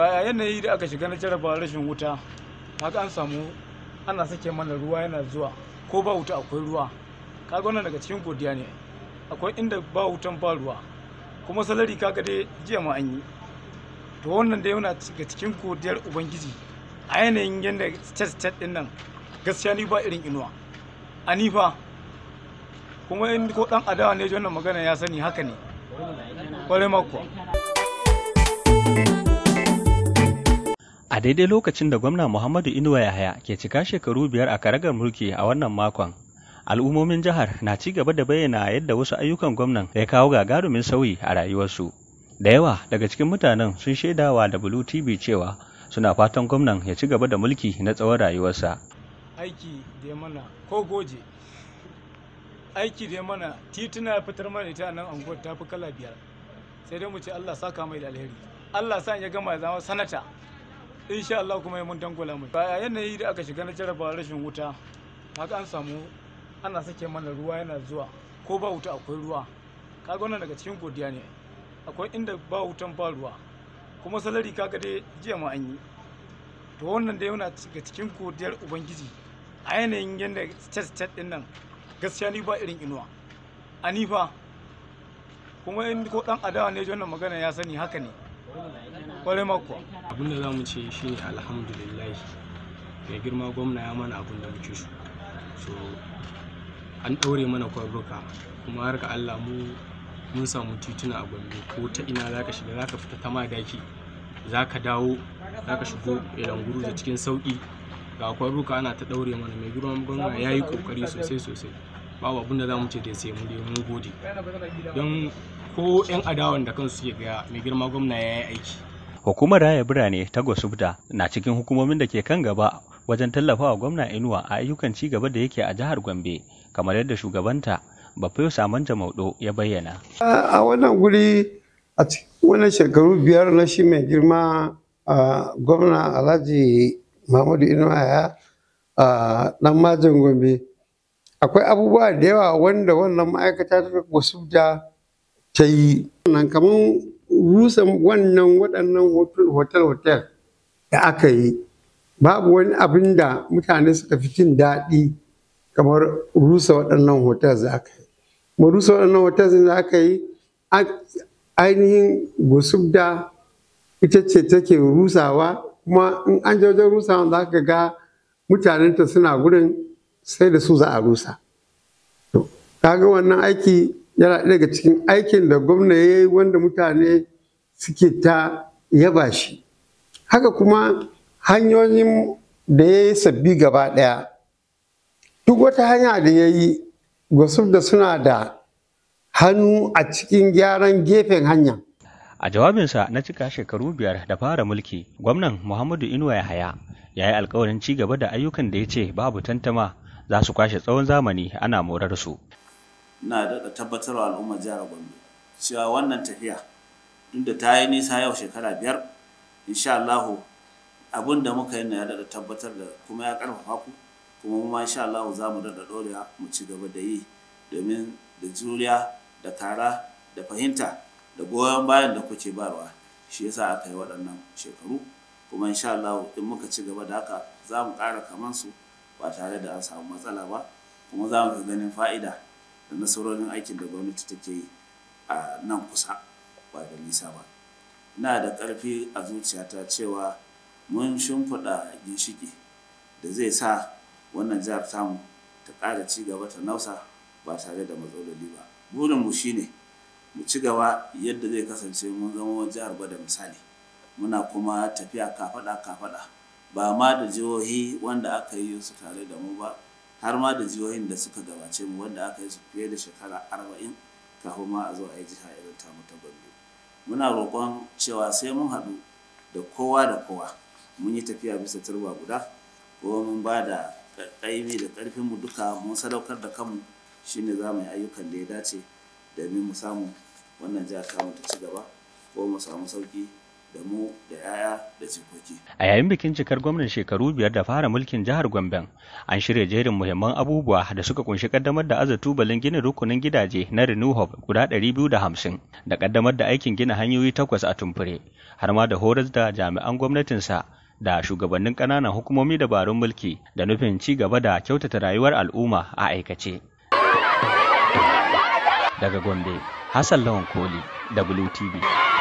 a yanayi da aka shiga na jaraba rashin wuta haka an samu ana sake mana ruwa yana zuwa ko ba wuta akwai ruwa kaga wannan daga cikin godiya ne akwai inda ba wutan ba ruwa kuma salari kaga dai jiya ma an yi to wannan dai yana daga cikin godiyar ubangiji a yanayin yadda state state din nan gaskiya ni ba irin inuwa a ni fa kuma in ko dan adawa ne wannan magana ya sani haka ne kwarai makwa. A daidai lokacin da gwamna Muhammadu Inuwa Yahaya ke cika shekaru biyar a karagar mulki a wannan makon, al'ummomin jihar na ci gaba da bayyana yadda wasu ayyukan gwamnan ya kawo gagarumin sauyi a rayuwarsu. Da yawa daga cikin mutanen sun shaidawa da WTV cewa suna fatan gwamnan ya ci gaba da mulki na tsawon rayuwarsa. Aiki da mana ko goje, aiki da mana tituna fitar mana ita nan anguwar ta fi kala biyar, sai dai mu ce Allah saka mai da alheri. Allah sa ya gama zama sanata. insha Allah kuma ya mun dangwala mai a yanayi da aka shiga na jarraba rashin wuta haka an samu ana sake mana ruwa yana zuwa ko ba wuta akwai ruwa kaga wannan daga cikin godiya ne akwai inda ba wutan ba ruwa kuma salari kaga dai jiya ma an yi to wannan dai yana daga cikin godiyar ubangiji a yanayin yanda state state din nan gaskiya ni ba irin inuwa anifa kuma in ko dan adawa ne wannan magana ya sani haka ne kwarai makwa abin da za mu ce ne alhamdulillah mai girma gwamna ya mana abin da muke so so an ɗaure mana kwaruka kuma har ka allah mu mun samu tituna a gombe ko ta ina za ka shiga za ka fita ta madaki za ka dawo za ka shigo ilanguru da cikin sauƙi ga kwaruka ana ta ɗaure mana mai girma gwamna ya yi ƙoƙari sosai sosai babu abin da za mu ce da sai mu mun gode don ko 'yan adawan da kansu ke ga mai girma gwamna ya yi aiki hukumar raya birane ta gosubda na cikin hukumomin da ke kan gaba wajen tallafawa gwamna inuwa a ayyukan ci gaba da yake a jihar gombe kamar yadda shugabanta bafayo Saman Jamaudo ya bayyana a wannan guri a cikin wannan shekaru biyar na shi mai girma a gwamna alhaji mahmudu inuwa ya nan majin gombe akwai abubuwa da yawa wanda wannan ma'aikata ta Gosubda ta yi nan kamar rusa wannan waɗannan hotel-hotel da aka yi babu wani abin da mutane suka fi jin daɗi kamar rusa waɗannan hotel da aka yi Ma rusa waɗannan hotel da aka yi ainihin gusubda ita ce take rusawa kuma in an wajen rusawa za ka ga mutanenta suna gudun sai da su za a rusa kaga wannan aiki yana daga cikin aikin da gwamna ya yi wanda mutane suke ta yaba shi haka kuma hanyoyin da ya yi sabbi gaba ɗaya duk wata hanya da ya yi gwasuf da suna da hannu a cikin gyaran gefen hanya a jawabinsa na cika shekaru biyar da fara mulki gwamnan muhammadu inuwa yahaya ya yi alkawarin ci gaba da ayyukan da ya ce babu tantama za su kwashe tsawon zamani ana morar su na tabbatar wa al'ummar jihar gombe cewa wannan tafiya duk da ta yi nisa yau shekara biyar insha allahu abin da muka yi na ya daɗa tabbatar da kuma ya karfafa ku kuma mu ma insha allahu za mu daɗa ɗorewa mu ci gaba da yi domin da juriya da kara da fahimta da goyon bayan da kuke barwa shi yasa aka yi waɗannan shekaru kuma insha Allah in muka ci gaba da haka za mu ƙara kaman su ba tare da an samu matsala ba kuma za mu ganin fa'ida da nasarorin aikin da gwamnati take yi a nan kusa ba da nisa ba na da ƙarfi a zuciyata cewa mun shimfiɗa ginshiki da zai sa wannan jihar samu ta ƙara ci gaba ta nausa ba tare da matsaloli ba Burin burinmu shine mu ci gaba yadda zai kasance mun zama jihar ba da misali muna kuma tafiya kafaɗa kafaɗa ba ma da jihohi wanda aka yi su tare da mu ba har ma da jihohin da suka gabace mu wanda aka yi su fiye da shekara arba'in kafin ma a zo a yi jiha irin mu ta gombe muna roƙon cewa sai mun haɗu da kowa da kowa mun yi tafiya bisa turba guda ko mun ba da ƙaimi da ƙarfin mu duka mun sadaukar da kanmu shine za mu yi ayyukan da ya dace domin mu samu wannan jihar mu ta ci gaba ko mu samu sauki da mu da 'ya'ya da jikoki. A yayin bikin cikar gwamnan shekaru biyar da fara mulkin jihar Gombe, an shirya jerin muhimman abubuwa da suka kunshi kaddamar da azatu balin gina rukunin gidaje na Renew guda guda 250 da kaddamar da aikin gina hanyoyi takwas a Tumfure, har ma da horas da jami'an gwamnatinsa da shugabannin ƙananan hukumomi dabarun mulki da nufin ci gaba da kyautata rayuwar al'umma a aikace. Daga Gombe, Hassan Lawan Koli, WTV.